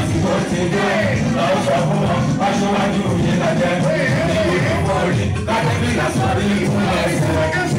àsìkò ti dé lọ́wọ́ sọ fún wọn aṣọ́wájú òye lajẹ́ ní ìlú kọ́ọ̀rì kájẹ́bí lásán ní ìfúnná ẹ̀sìn.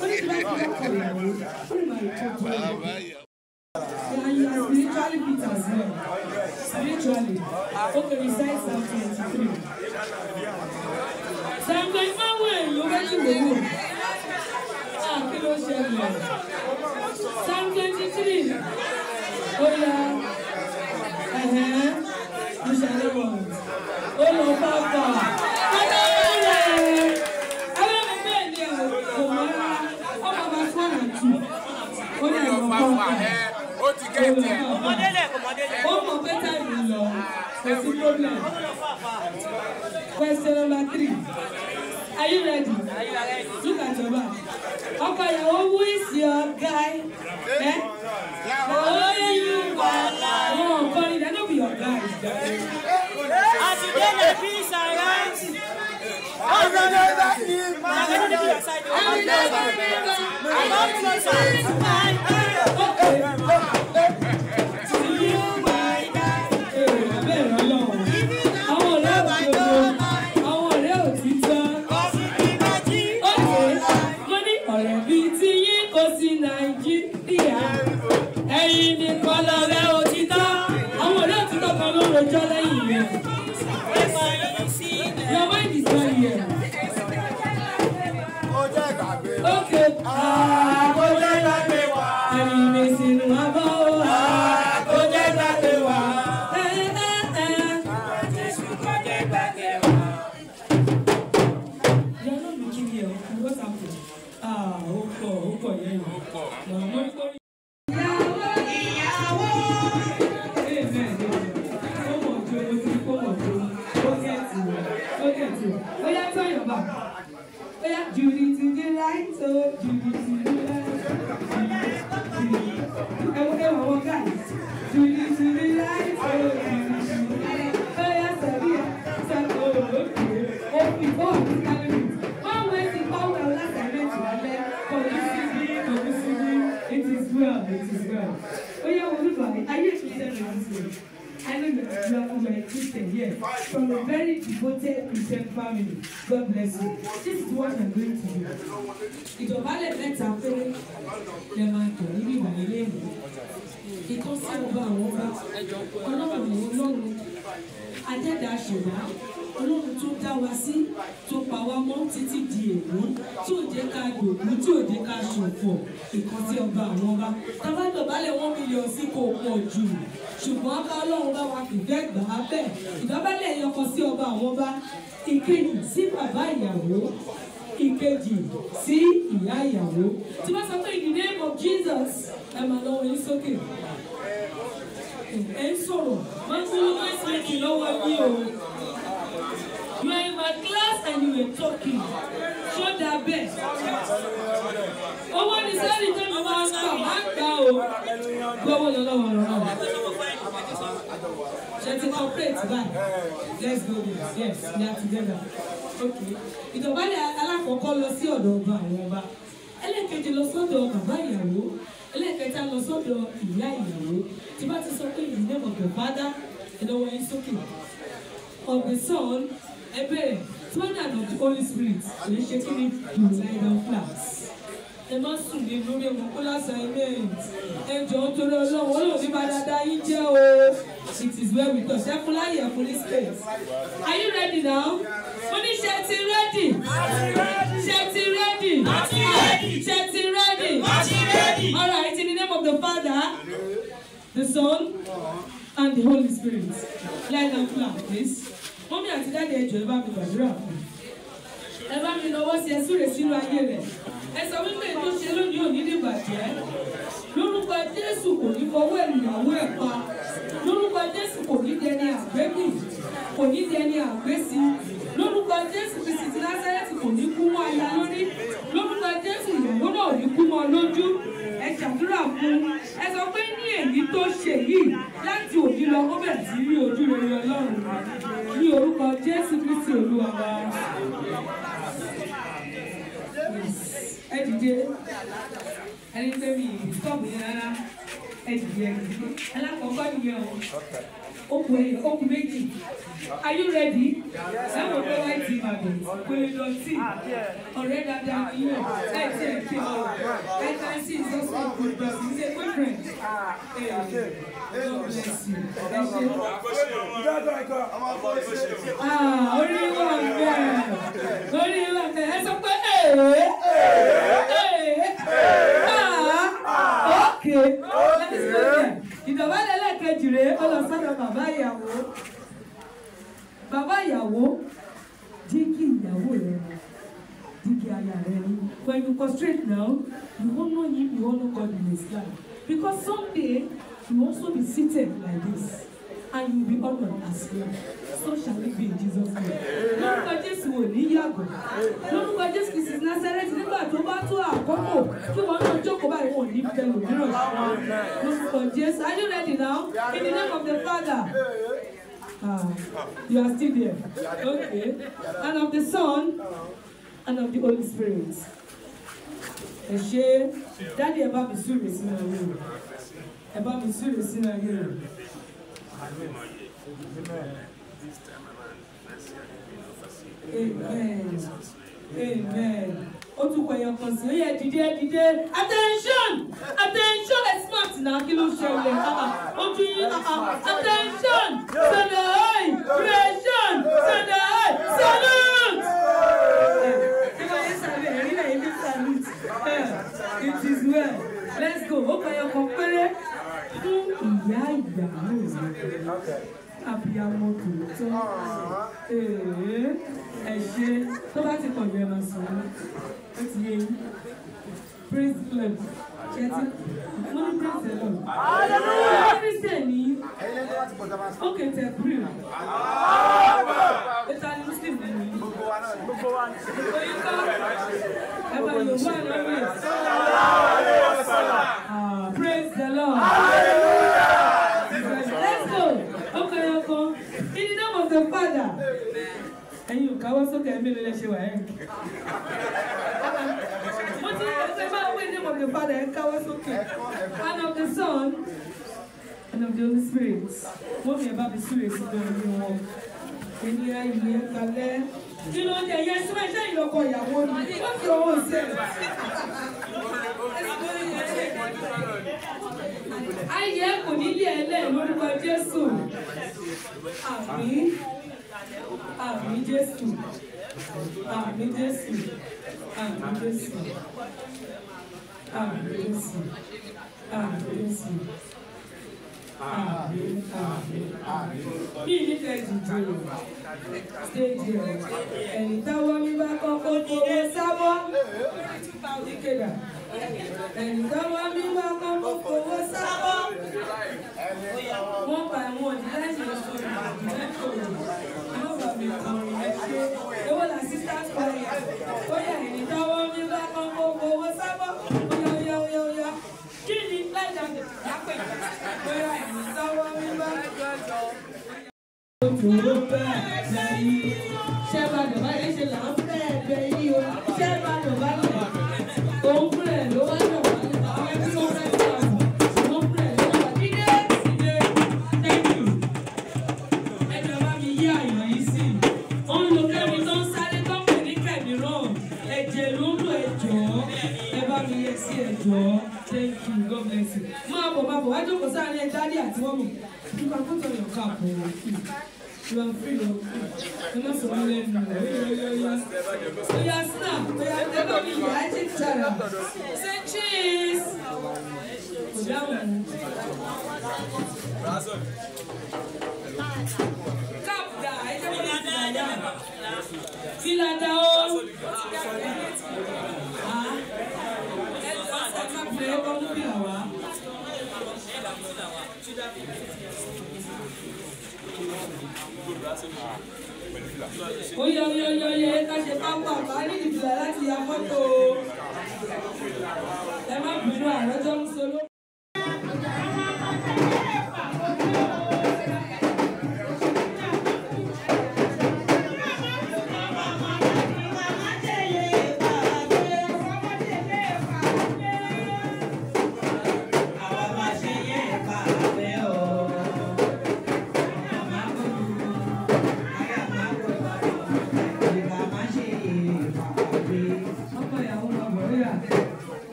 And you spiritually recite 23. way, you get in the room. Ah, kí ló 23. Oh yeah. gẹ̀ẹ́tì. ọmọdélẹ̀ ọmọdélẹ̀. ó mọ bẹ́tà yìí lọ kò sí problem. question number three are you ready? look at your back. ọkọ ìyàwó who is your guy? ẹ eh? ọ̀ yóò wà láàyè. wọn kọ́ ni dáná bí your guy. àtúndé lè fi sàrà. ọ̀gá ni ọ̀gá ni. I love you, sir. jìbìtì ní láìtó jìbìtì ní láìtó ẹwọ ẹwọ wọ gáì jìbìtì ní láìtó jìbìtì ní láìtó ẹyà sẹbi ẹ sẹbi olóògbé òfì bóòlù kálíwì wọn wọ ẹsìn pàwọ láti ẹlẹtì lálẹ kọlùsì ní kọlùsì ní it is well it is well oyè olùdó ayé ìṣẹ̀lẹ̀ ọ̀sẹ̀ I know that you are from my Christian here from very devoted Christian family. God bless you. This is what I'm going to do. Ìdọ̀bálẹ̀ mẹ́ta péré lè máa tọ̀ níbi ìwà ilé ìwé. Ìtọ́sí ọba àwọn ọba. Ọlọ́run ìwọ lọ́run. Ajẹ́dàá ṣẹ̀dá ọlọ́run tó dá wa sí tó pa wá mọ́ títí di èkó tí ò jẹ́ ká gbòògbó tí ò jẹ́ ká ṣòfò ìkan tí ọba àwọn ọba tábà dọ̀bálẹ̀ wọ́n mílíọ̀n sí kò pọ̀ jù ṣùgbọ́n aká ọlọ́run bá wa kìfẹ́ gbà á bẹ́ẹ̀ ìdọ́bálẹ̀ yọkọ sí ọba àwọn ọba ìkejì sí bàbá ìyàwó ìkejì sí ìyá ìyàwó tí wọ́n sọ pé in the name of Jesus ẹ máa lọ wọlé sókè ẹ ń sọ̀rọ̀ máa ń sọ lọ́wọ́ ìsìnkì lọ́wọ́ You are in my class and you were talking. Show their best. Owó ni sẹ́ẹ̀lì tó mi máa ń gbà máa ń gbà o. Gbọ́wọ́ lọ lọ́wọ́ lọ́wọ́. Ṣé ti complete báyìí? Let's go there. Yes, we are together. Okay. Ìdọ̀bálẹ̀ alákọ̀ọ́kọ́ lọ sí ọ̀dọ̀ ọba àwọn ọba. Ẹlẹ́ẹ̀kejì lọ sọ́dọ̀ bàbá ìyàwó. Ẹlẹ́ẹ̀kẹta lọ sọ́dọ̀ ìyá ìyàwó. Tí bá ti sọ pé in the name of your father, ẹ̀dọ̀wọ̀ sókè. Of the son ẹbẹ father of the holy spirit lè ṣe kí ni you lie down flat ẹ má sùn ní lórí ẹ̀wọ̀n kó lásàmẹ́ǹt ẹ jọ̀ọ́ torí ọlọ́run ó lò ní bàdàdà yín jẹ́ o it is where we touch. ẹ fún láyè ẹ fún ní space are you ready now mo ní ṣe ti ready ṣe ti ready ṣe ti ready all right in the name of the father the son and the holy spirit let them clap please mọ́mí àti dáàdì ẹjọ́ ẹ bá mi gbàdúrà fún ẹ bá mi lọ́wọ́ sí ẹ súre sínú ayé rẹ̀ ẹ sọ wípé tó ṣe lónìí òní ní ìbàjẹ́ lórúkọ Jésù kò ní fọwọ́ ìrìnàwó ẹ̀ pa lórúkọ Jésù kò ní dẹni àgbẹ́bì kò ní dẹni àgbẹ́sí lórúkọ jésù kristi ti lásẹrẹtì kò ní kú mọ́ aya lórí lórúkọ jésù ìyàwó náà ní kú mọ́ lójú ẹ ṣàdúrà fún ẹ sọ pé ní èyí tó ṣe yìí láti òní lọ ó bẹ̀rẹ̀ sí rí ojú rere ọlọ́run ní orúkọ jésù kristi olúwa wa ẹ dìde ẹni pé mi ì sọ́ọ̀bù rárá ẹ dìde ẹ dìde alákọ̀ọ́kọ́ nìyẹn o okùn okùn méjì are you ready sáwọn pé wáyé ti máa bẹ̀ pèlè dọ̀tí ọ̀rẹ́ dáadáa ni yóò láì tí ẹ̀ fi ọ̀rọ̀ ẹ̀ka sí ìsọ́sọ́ pé friend orí wà bẹ́ẹ̀ orí wà bẹ́ẹ̀ ẹ sọ pé èè èè ókè ìdọ̀bálẹ̀ lẹ́ẹ̀kejì rèé ó lọ sọ́dọ̀ bàbá ìyàwó bàbá ìyàwó jẹ́ kí ìyàwó rẹ̀ rà dúkìá ayà rẹ̀ ni when you concentrate now you won't know him you won't know God in his life because someday you also be seated like this and you be honored as well so shall it be in Jesus name. lórúkọ jésù ò ní yàgò lórúkọ jésù kìí sinmi násẹrẹtì nígbà tó bá tó àkókò kí wọn náà jókòó báyìí wọn ò ní bẹ lòmíràn ṣùgbọ́n lórúkọ jésù are you ready now in the name of the father. Ah, you are still there. Okay. And of the Son and of the Holy Spirit ẹ ṣe dáàdi ẹ bá mi súre sínú ayé rẹ ẹ bá Amen. Amen. Ó tún kọ ẹyọ kan sí ó yẹ dìde attention attention ẹ smart náà kí ló ṣẹlẹ̀ ojú yín attention sọ̀dọ̀ creation sọ̀dọ̀ ẹ̀ ìyàwó kọyọkan péré fún ìyá ìyàwó rẹ abiyamọ tòótọ́ ẹ tó bá ti pọ̀jù ẹ máa sọ ti yé yín praise the lord ṣe praise the lord ṣé christian tẹ prim ó ni muslim ní oyinka ẹ bá yorùbá náà wẹ̀. ọwọ́ sókè mélòó lè ṣe wà ẹ́ mo ti ṣe máa and of the son and of the holy spirit mo fi ẹ̀bá mi sílẹ̀ sí lórí mi wọn ènìyàn ìlú ẹ̀ kalẹ̀ kí ló ń jẹ yẹn sí àmì Jésù àmì Jésù àmì Jésù àmì Jésù àmì Jésù àmì àmì àmì. bí nífẹ̀ẹ́ dìde o stéèjì ẹ̀ ẹ̀yìn táwọn mi bá kọ́kọ́ fowó sábọ́ ìkẹyà ẹ̀yìn táwọn mi bá kọ́kọ́ fowó sábọ́ wọ́n bá.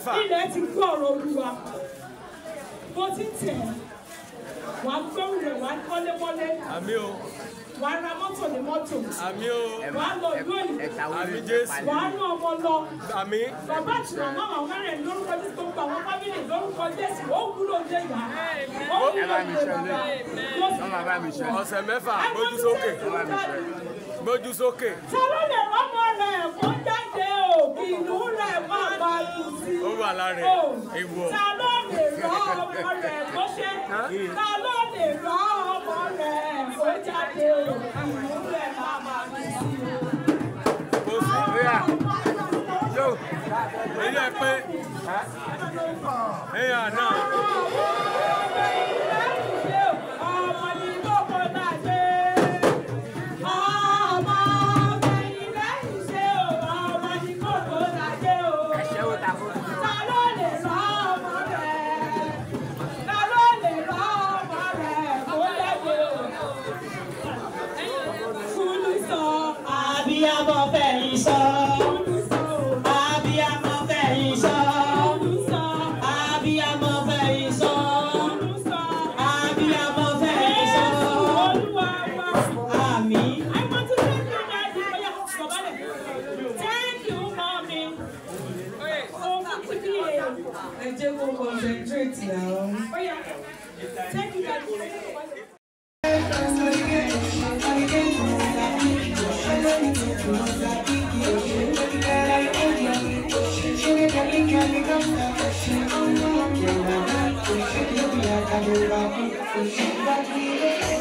mẹ́fà. ilẹ̀ ti gbọ́ ọ̀rọ̀ olúwa mo ti tẹ̀ wá gbẹ́rù rẹ̀ wá mọ́lémọ́lé. àmì o. wàá ra mọ́tò ní mọ́tò. àmì o. wàá lọ ìlú òyìnbó. àmì jésù. wàá rán ọmọ lọ. àmì. bàbá àtúnà náà àwọn mẹ́rin lórúkọ tí gbogbo àwọn fámìlì lórúkọ jésù ó wúlò dé yá. ó wúlò dé bàbá. ọ̀sẹ̀ mẹ́fà gbójú sókè. gbójú sókè. sọlá lè rọ́mọ rẹ̀ kó dá ìlú rẹ̀ máa bá lù sí. ó wà lára ẹ̀ oh, ta ló lè rọ ọmọ rẹ̀ bó ṣe. ta ló lè rọ ọmọ rẹ̀ bó jáde ìlú rẹ̀ máa bá lù sí o. ẹ pé. èyí à Thank you.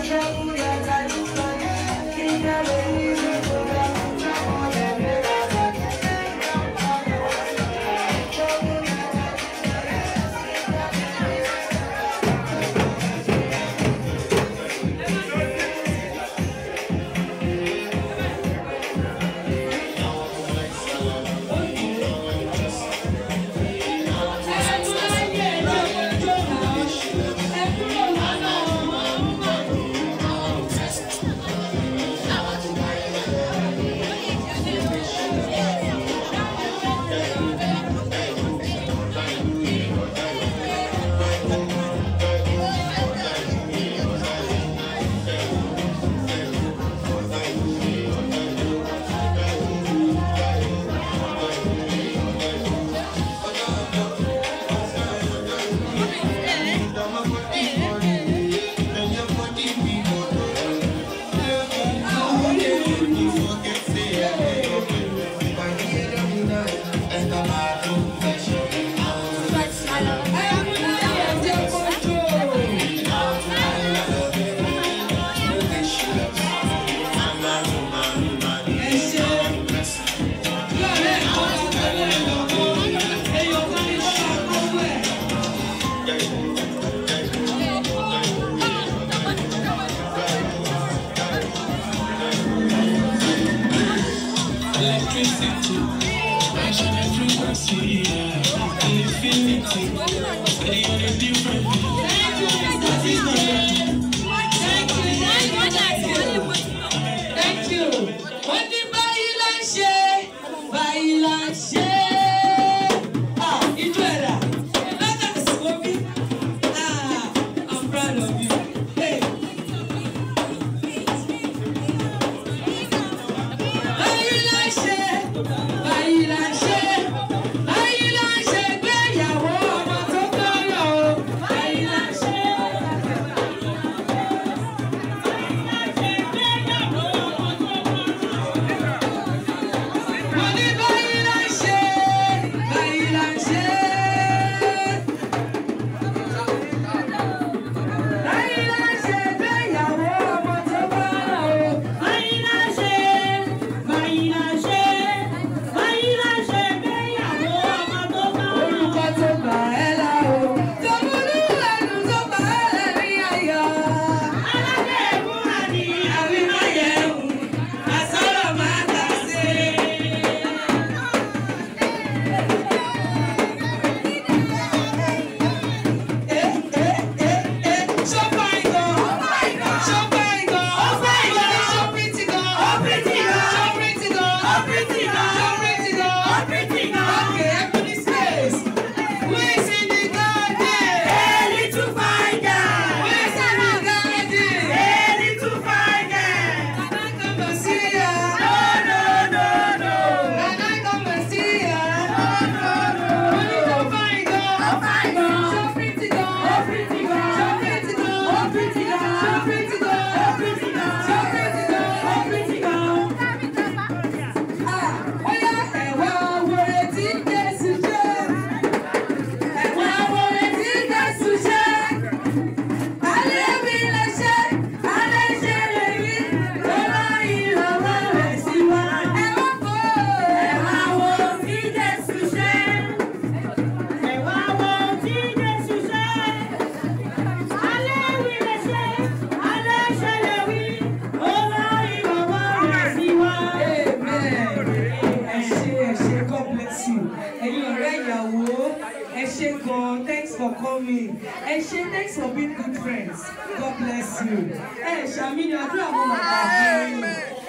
for being good friends. God bless you. Hey, ṣàmì ni àdúrà mo mọ̀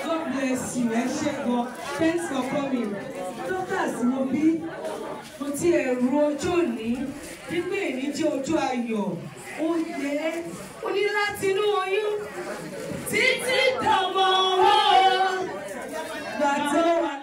God bless you. Ẹ ṣé Thanks for coming. Dọ́kàs mo bí mo ti ẹ̀rù ọjọ́ òní wípé èyí jẹ́ ọjọ́ ayọ̀. Ó yẹ ó ní láti inú oyún títí dọ̀mọ́ wọn. Gbàtọ́ wà ní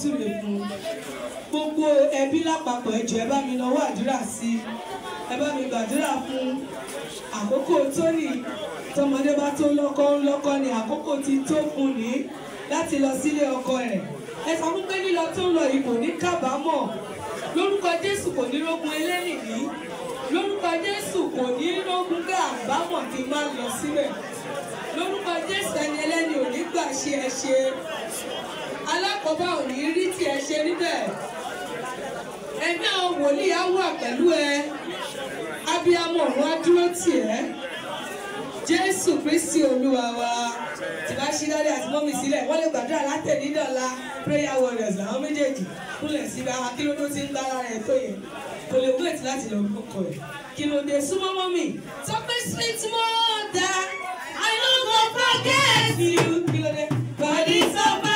sí mi fún gbogbo ẹbí lápapọ̀ ẹ ẹ bá mi lọ́wọ́ àdúrà sí ẹ bá mi gbàdúrà fún àkókò tóní tọmọdé bá tó lọ́kọ ń ni àkókò ti tó fún ní láti lọ sílé ọkọ rẹ̀ ẹ sọ pé lílọ tó ń lọ yìí kò ní kábàámọ̀ lórúkọ Jésù kò ní rógun elénìí lórúkọ Jésù kò ní rógun gbé àbámọ̀ kí n lọ síbẹ̀ lórúkọ Jésù ẹni ẹlẹ́ni ò ní gbà ṣe ẹ ṣe alákọ̀ọ́bá ò ní rí tiẹ̀ ṣe níbẹ̀ ẹ̀mí àwọn wòlíì á wà pẹ̀lú ẹ abiyamọ ọ̀run á dúró tì ẹ́ jésù kristi olúwa wa tí bá ṣí dáadé àti mọ́mí sílẹ̀ wọ́n lè gbàdúrà látẹ̀lí dọ̀la prayer warriors làwọn méjèèjì kúnlẹ̀ síbi àwọn kí ló tó ti ń gbára rẹ̀ tó yẹ kò lè wait láti lọ kọ́kọ́ ẹ̀ kí ló dé súnmọ́ mọ́mí tọ́pẹ́ sweet mother I no go forget you kí ló dé body sọ́pẹ́.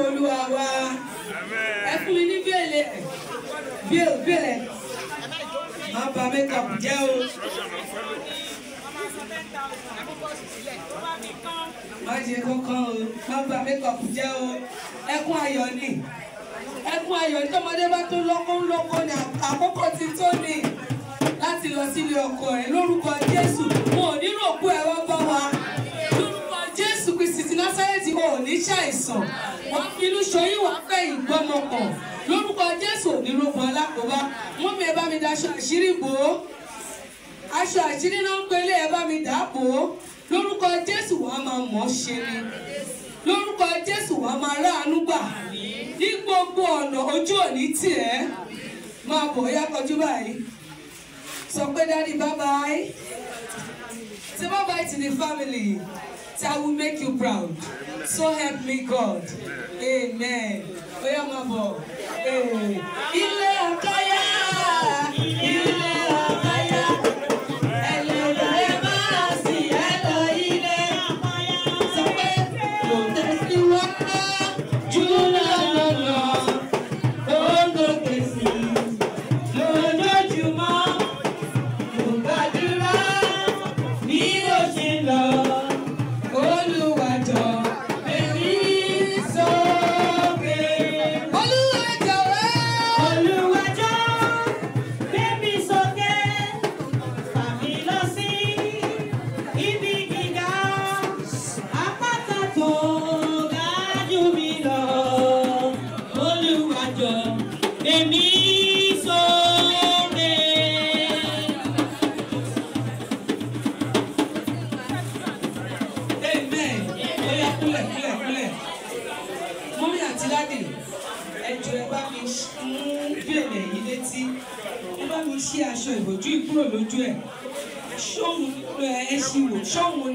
olúwa wa ẹ fún mi ní bẹ́ẹ̀lẹ̀ bẹ́ẹ̀lẹ̀ bẹ́ẹ̀lẹ̀ má bà mékàpù jẹ́ o. má ṣe kankan o má bà mékàpù jẹ́ o ẹkún ayọ̀ ni ẹkún ayọ̀ ni tọmọdé bá tó lọ́kọ́ lọ́kọ́ ni àkókò ti tó ni láti lọ sílé ọkọ rẹ̀ lórúkọ Jésù mo ò nínú òkú ẹ̀ wá bá wa iṣẹ́ àìsàn wọ́n fi inú ṣoyún wọ́n fẹ́ ìgbọ́mọpọ̀ lórúkọ Jésù nírúkọ alákòóbá mú mi ẹ bá mi daṣọ àṣírí bò ó aṣọ àṣírí náà ń pelé ẹ bá mi dà bò ó lórúkọ Jésù wàá máa mọ̀ ọ́ ṣe ni lórúkọ Jésù wàá máa ráàánú gbà ní gbogbo ọ̀nà ojú òní tì ẹ́ máa bọ̀ ọ́ yá kọjú báyìí sọ pé dáadé bye bye say bye bye to the family that I will make you proud. So help me God. Amen. Oya mabo. Ilé ọ̀kọ́yà. Ilé ọ̀kọ́yà. lójú ẹ̀ ṣóhun ẹ ṣì wò ṣóhun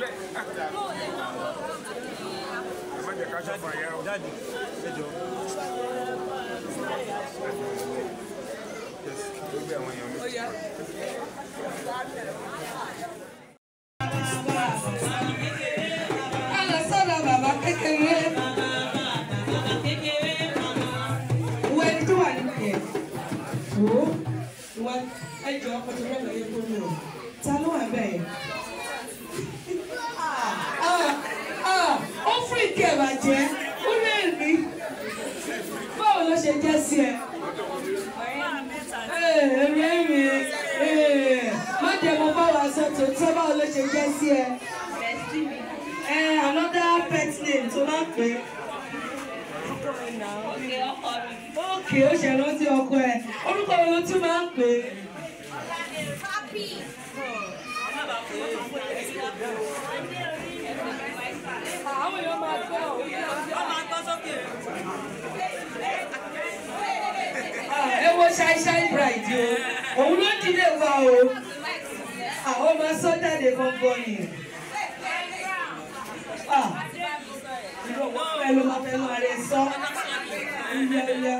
lẹ̀. ẹ má jẹ ká ṣe fàyà o. ilé wa o àwọn ọmọ sọ́jáde gbọ́ngbọ́n ni ìrọ̀wọ́ ẹ ló máa fẹ́ lọ́ọ́ rẹ sọ yáyá.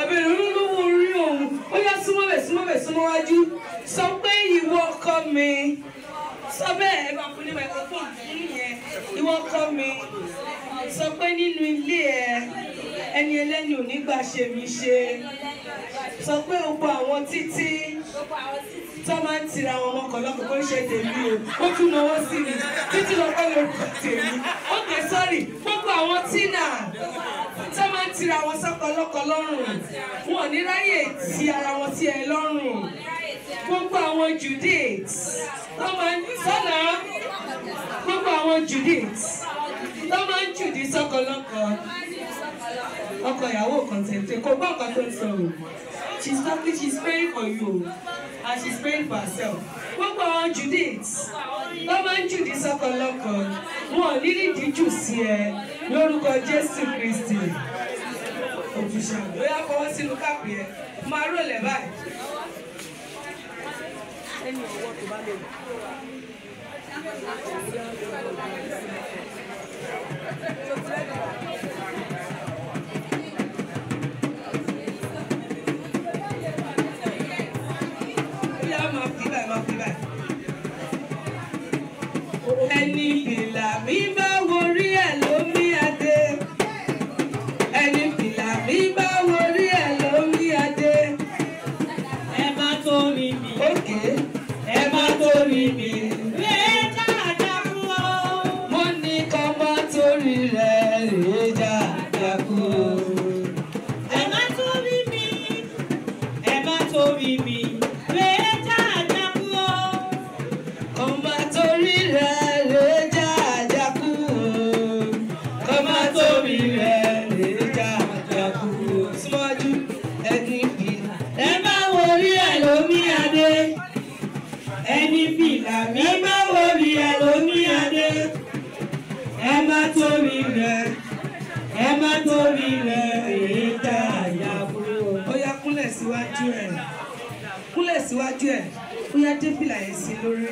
àbẹ̀rẹ̀ olówó orí òun ó yá súnmọ́ bẹ̀ súnmọ́ bẹ̀ súnmọ́ wájú sọ pé ìwọ ọkọ mi sọ bẹ́ẹ̀ ẹ máa fún ní microphone fún yẹn ìwọ ọkọ mi sọ pé nínú ilé ẹ ẹni ẹlẹ́ni ò ní gbà ṣe mí ṣe sọ pé gbogbo àwọn títí tó máa ń tira àwọn ọmọkàn lọ́kàn ṣe tèmi o ó tún náwó sí mi títí lọ pẹ́ lórúkọ tèmi ókè sọ́rí gbogbo àwọn tínà tó máa ń tira àwọn sọ́kàn lọ́kàn lọ́rùn wọn ò ní ráyè ti ara wọn sí ẹ lọ́rùn gbogbo àwọn Judith tó máa ń sọ́nà gbogbo àwọn Judith tó máa ń jùdí sọ́kàn lọ́kàn ọkọ ìyàwó kọ̀ǹtẹ̀ǹtì kò gbọ́ ọ̀kan tó ń sọ o she's talking she's praying for you o and she's praying for herself gbogbo àwọn judith wọ́n máa ń jùdí sọ́kọ lọ́kọ wọn ò ní ní ìdíjú sí ẹ lórúkọ jésù kristi òjìṣà lóyá fọwọ́ sínú káàpì ẹ máa rò lẹ́ báyìí. Thank you. níbi làmì bá wọlé. síwájú ẹ̀ bóyá débìlà yẹn sí lórí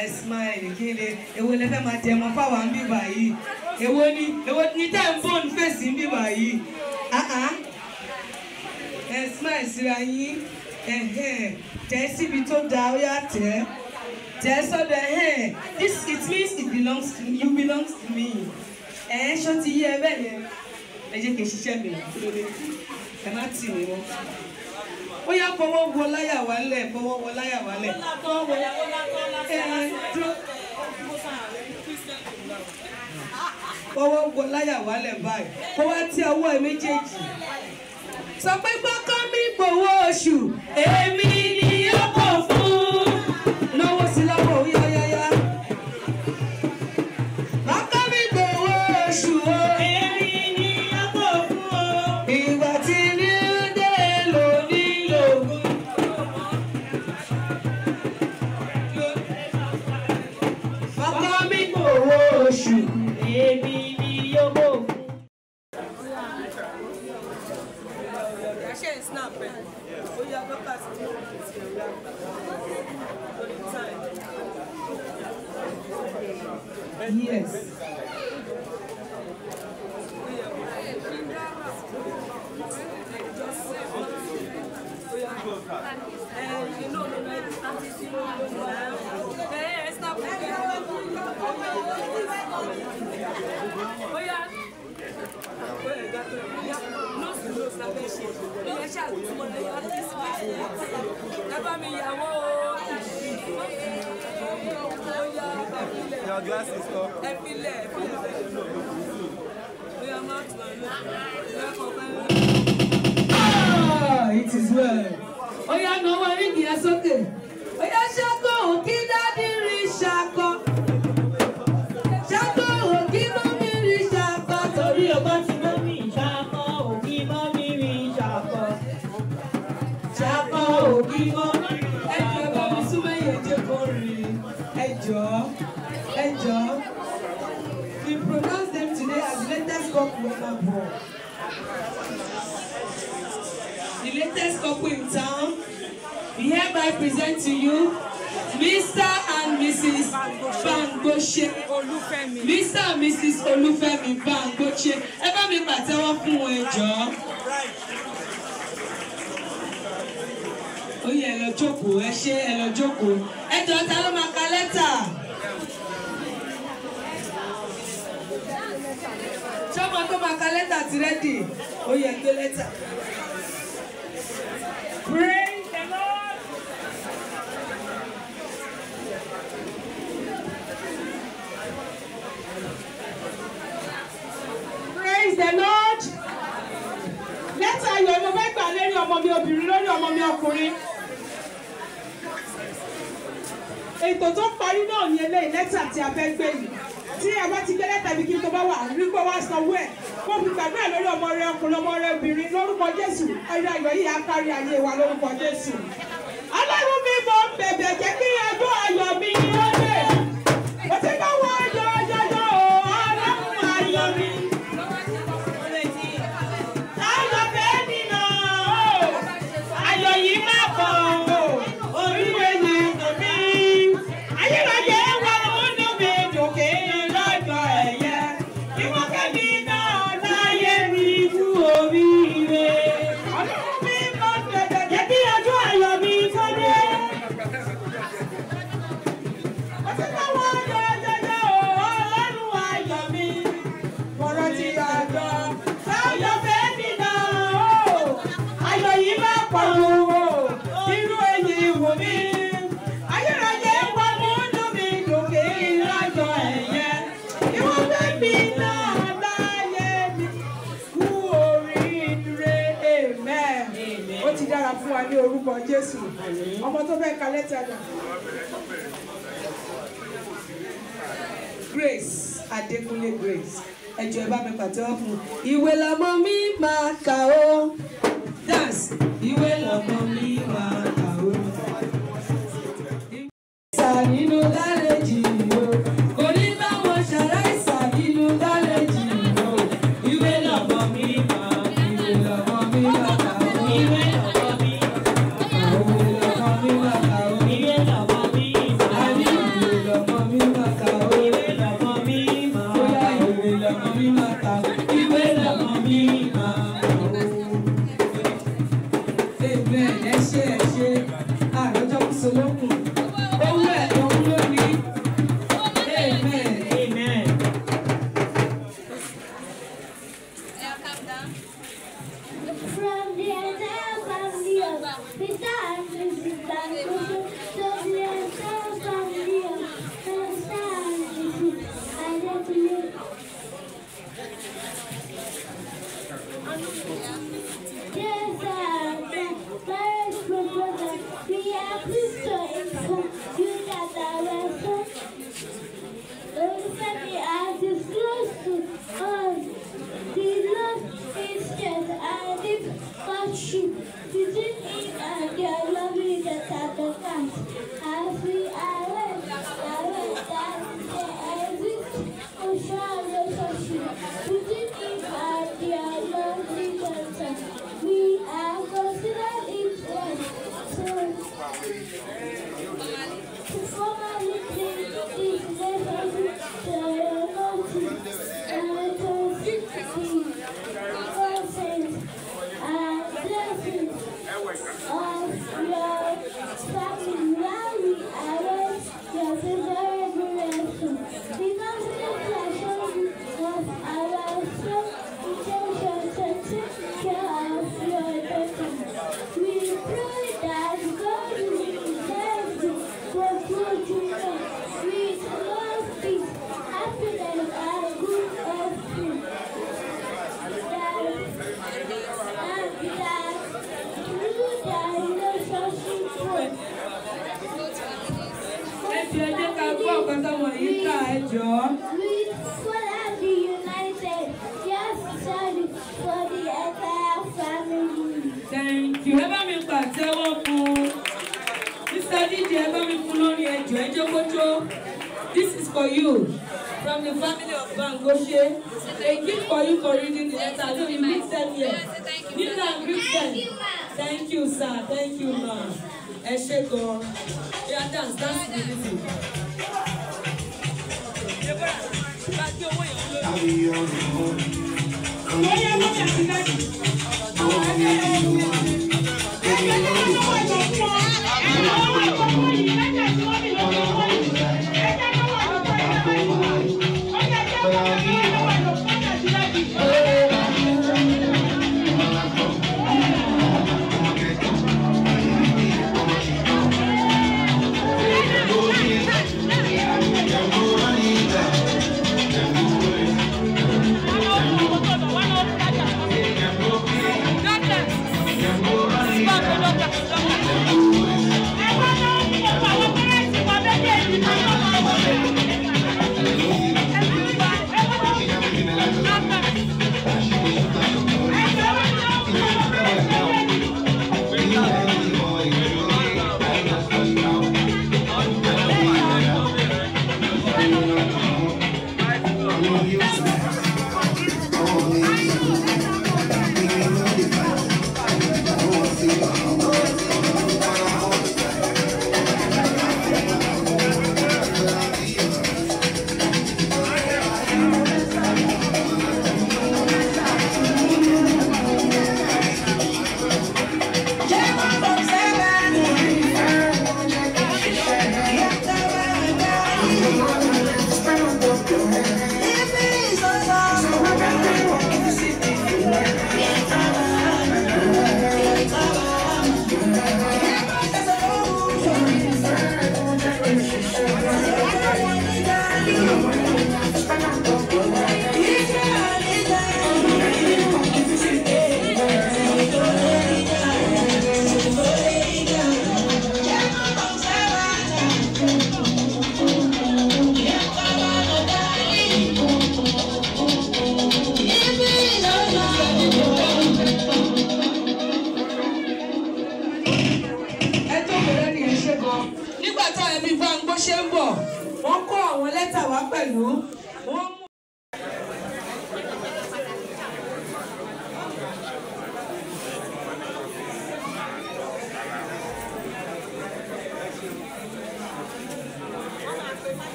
ẹ smile kí ni èwo lè fẹ́ máa jẹmọ fáwọn ń bíbà yìí èwo ni èwo ni tẹ́ ń bọ̀ ń fèsì ń bíbà yìí ẹ smile síra yín tẹ̀ síbi tó dáa ó yà tẹ̀ tẹ̀ sọ́dọ̀ ẹ̀ this it means it belongs to you belongs to me ẹ̀ ṣọ́ ti yí ẹ bẹ́ẹ̀ yẹn ẹ jẹ́ kí n ṣiṣẹ́ mi lórí ẹ má tì mí wọ́n ó yá fọwọ́ wọ láyà wálẹ̀ fọwọ́ wọ láyà wálẹ̀. fọwọ́ wọ láyà wálẹ̀ báyìí kó wá tí ọwọ́ ẹ méjèèjì. sọ pé gbọ́kọ́ mi gbowó oṣù èmi ni yóò. ẹ fi lẹ̀ ẹ fi lẹ̀ bóyá má ah, It is well. Ó yá náwó ríngì ẹ sókè. The latest couple in town, we hereby present to you Mr. and Mrs. Bangoshe. Mr. and Mrs. Olufemi Bangoshe. Ẹ bá mi pàtẹ́wọ́ fún wọn ẹjọ́. Ó yẹ ẹ lọ jókòó, ẹ ṣe ẹ lọ jókòó. Ẹ jọ ta ló ọmọ tó máa ka lẹ́tà ti rẹ́dì ó yẹ gbé lẹ́tà. Praise the Lord. Praise the Lord. lẹ́tà ayọ̀ ló fẹ́ gbà lérí ọmọ mi obìnrin lórí ọmọ mi ọkùnrin. ètò tó parí náà ní eléyìí lẹ́tà tí a fẹ́ gbé yìí tí ẹ bá ti gbé lẹ́tà ibi kí n tó bá wà rí pé wá sanwó ẹ̀ kó fi gbàdúrà lórí ọmọ rẹ ọkùnrin ọmọ rẹ obìnrin lórúkọ Jésù ẹ̀rọ ayọ̀ yìí á kárí ayé wa lórúkọ Jésù. Ọlọ́run mi mọ̀ bẹ̀bẹ̀ jẹ́ kí ọjọ́ ayọ̀ mi ni ó lè. Jésù ọmọ tó fẹ́ ka lẹ́tà náà. Grace Adékúnlé Grace ẹjọ ẹ bá mi pàtẹ́wọ́ fún Ìwé lọmọ mi máa kà ó. Dance ìwé lọmọ.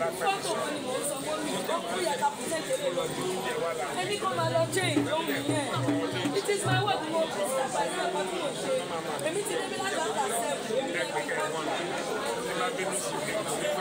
fọ́tò wọn it is my work mo kú step by step ọdún mo ṣe èmi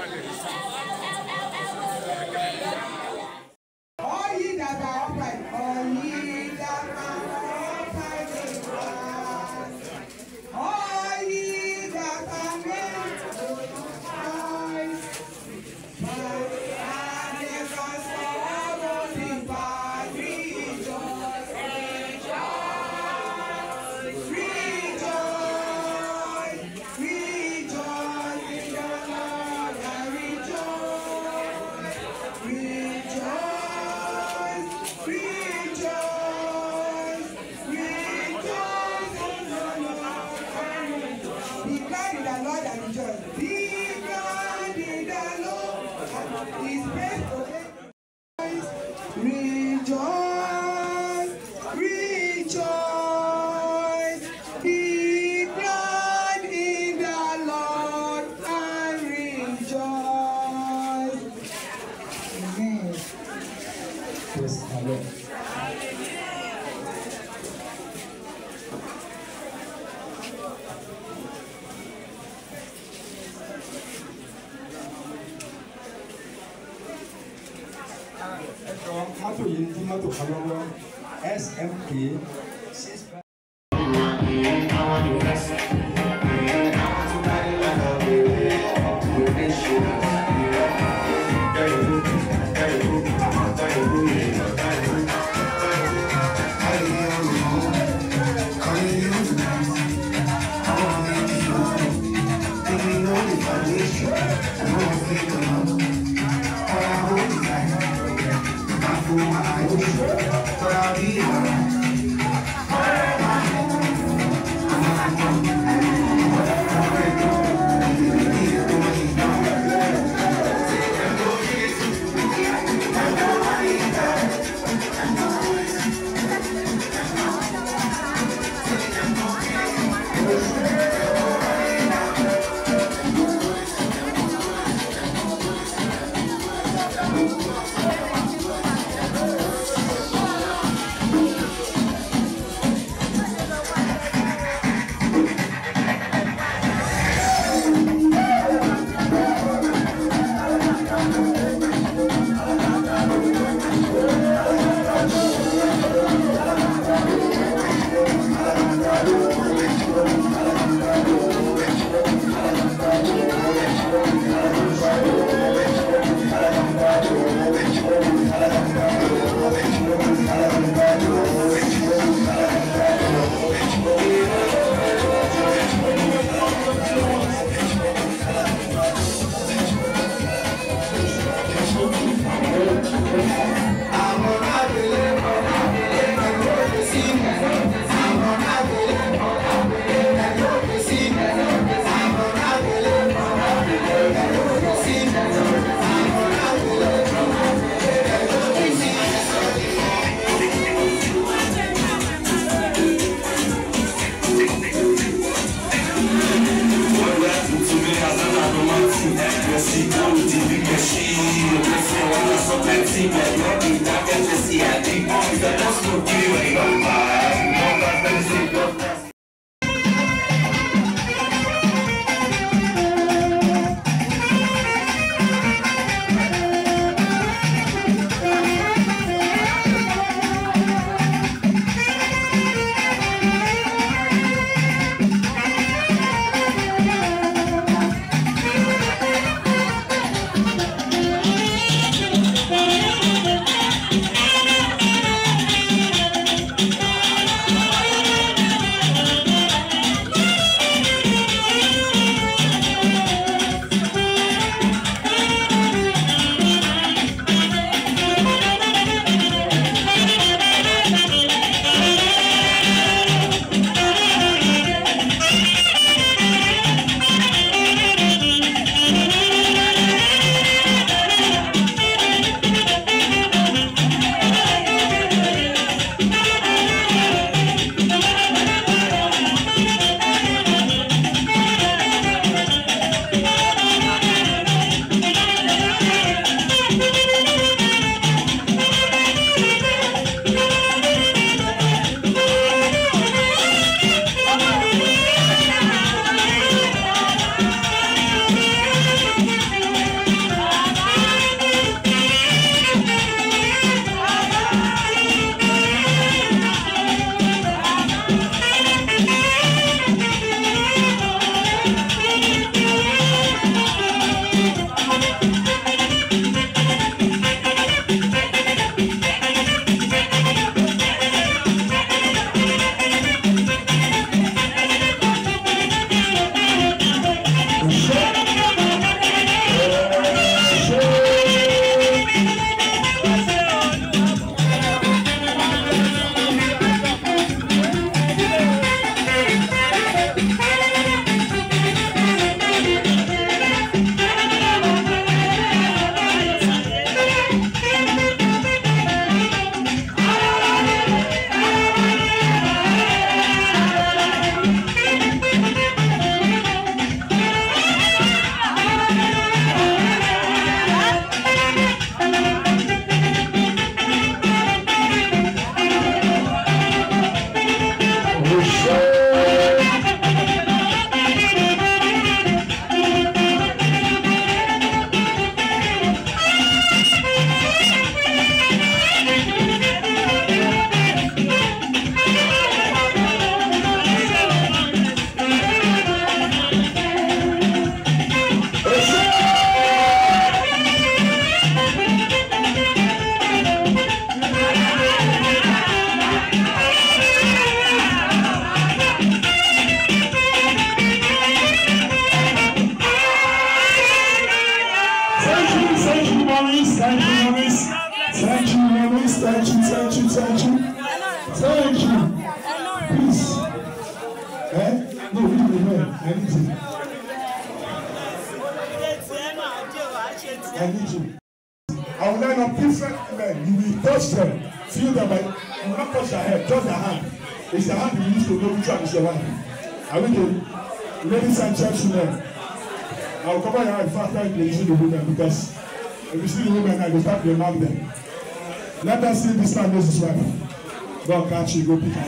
parte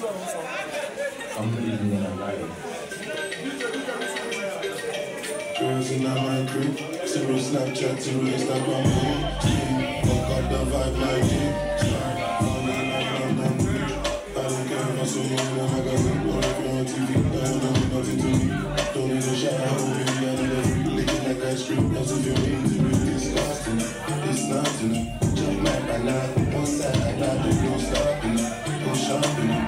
sọ. I'm living in a life. my crib, zero Snapchat, zero Instagram, fuck out the vibe like it. I don't care about I a if you're on TV. I don't know nothing to me. Don't need a shower, i don't need a free. Licking like ice cream, that's if you mean to It's disgusting. It's nothing. Jump like I got, one side I do no stopping. No shopping.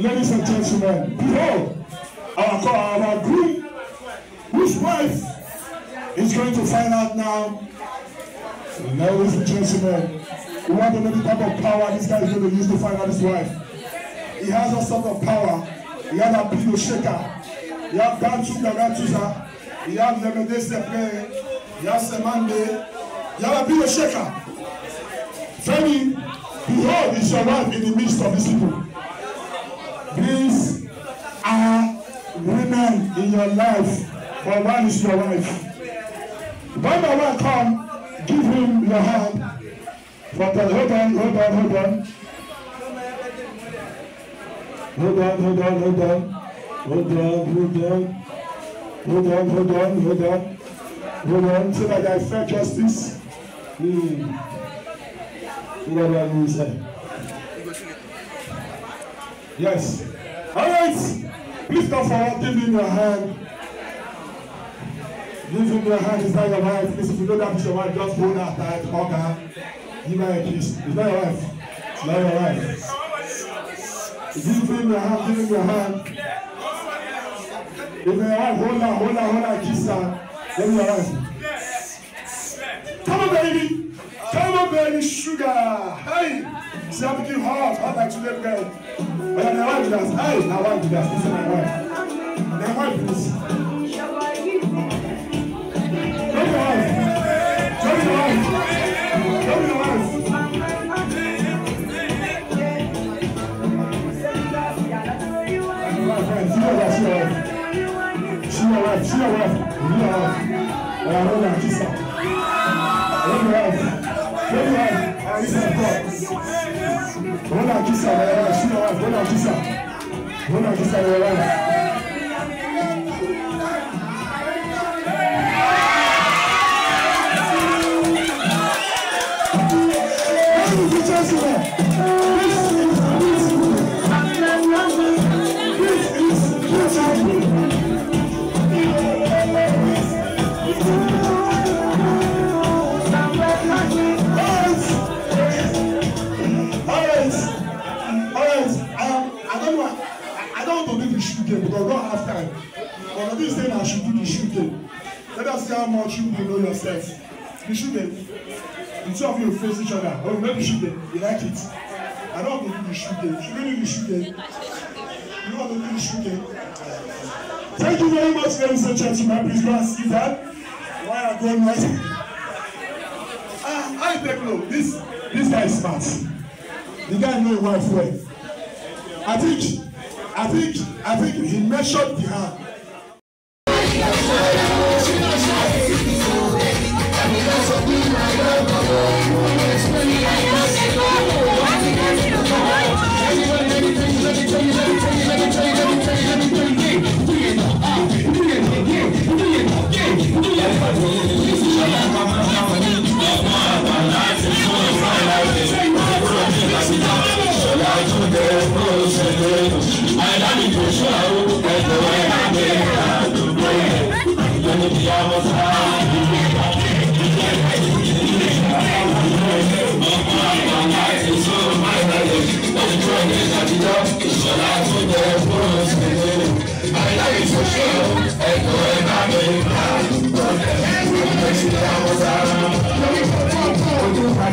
Ladies and gentlemen, behold our, our groom, whose wife is going to find out now. Ladies and gentlemen, we want to know the type of power this guy is going to use to find out his wife. He has a sort of power. He has a pillow shaker. He has Gantu Gagantusa. He has Lemede Sepre. He has Semande. He has a pillow shaker. Femi, behold, is your wife in the midst of these people. These are women in your life, for one is your wife. When the man come, give him your hand. For the hold on, hold on, hold on. Hold on, hold on, hold on. Hold on, hold on. Hold on, hold on, hold on. Hold on, so that I fair justice. Hmm. What do I mean, sir? Yes. All right. Please come forward. Give him your hand. Give him your hand. is not your wife. Please, if you know that it's your wife, just hold her tight, hug her. Give her a kiss. It's not your wife. It's not your wife. Give him your hand. Give him your hand. If your wife, hold her, hold her, hold her, kiss her. Give me your wife. Come on, baby. Come on, baby sugar. Hey. See I'm getting hot. Hot like today girl. But I never do that. Hey, I want to do that. This is my wife. My wife is. She your wife, she your wife, you your wife. And I don't know, she's up. bolakisa bolakisa bolakisa much you know yourself. You should them. The two of you face each other. Oh, maybe shoot them. You like it. I don't believe you shoot Shouldn't You really shoot them. You don't believe you shoot them. Thank you very much, ladies and gentlemen. Please go and see that. Why are going right? Ah, I take no. This this guy is smart. The guy know his wife well. I think I think I think he measured the hand. Thank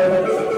Thank you.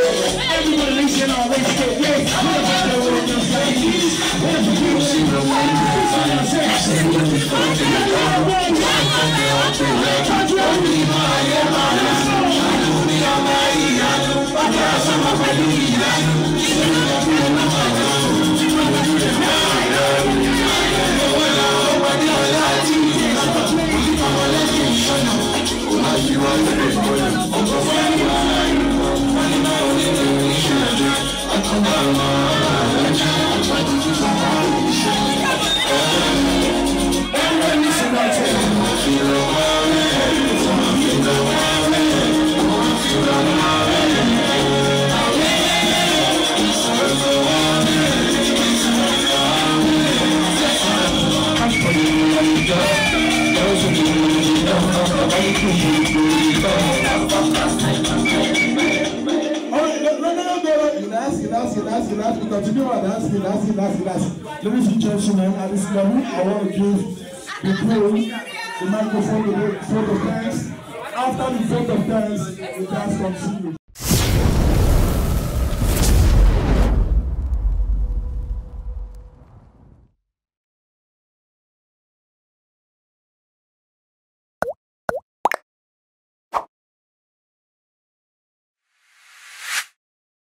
Hallelujah. as we continue on that skill that skill that skill that skill ladies and gentlemen at this level i wan give the crew the microphone the vote of thanks after the vote of thanks we gats continue.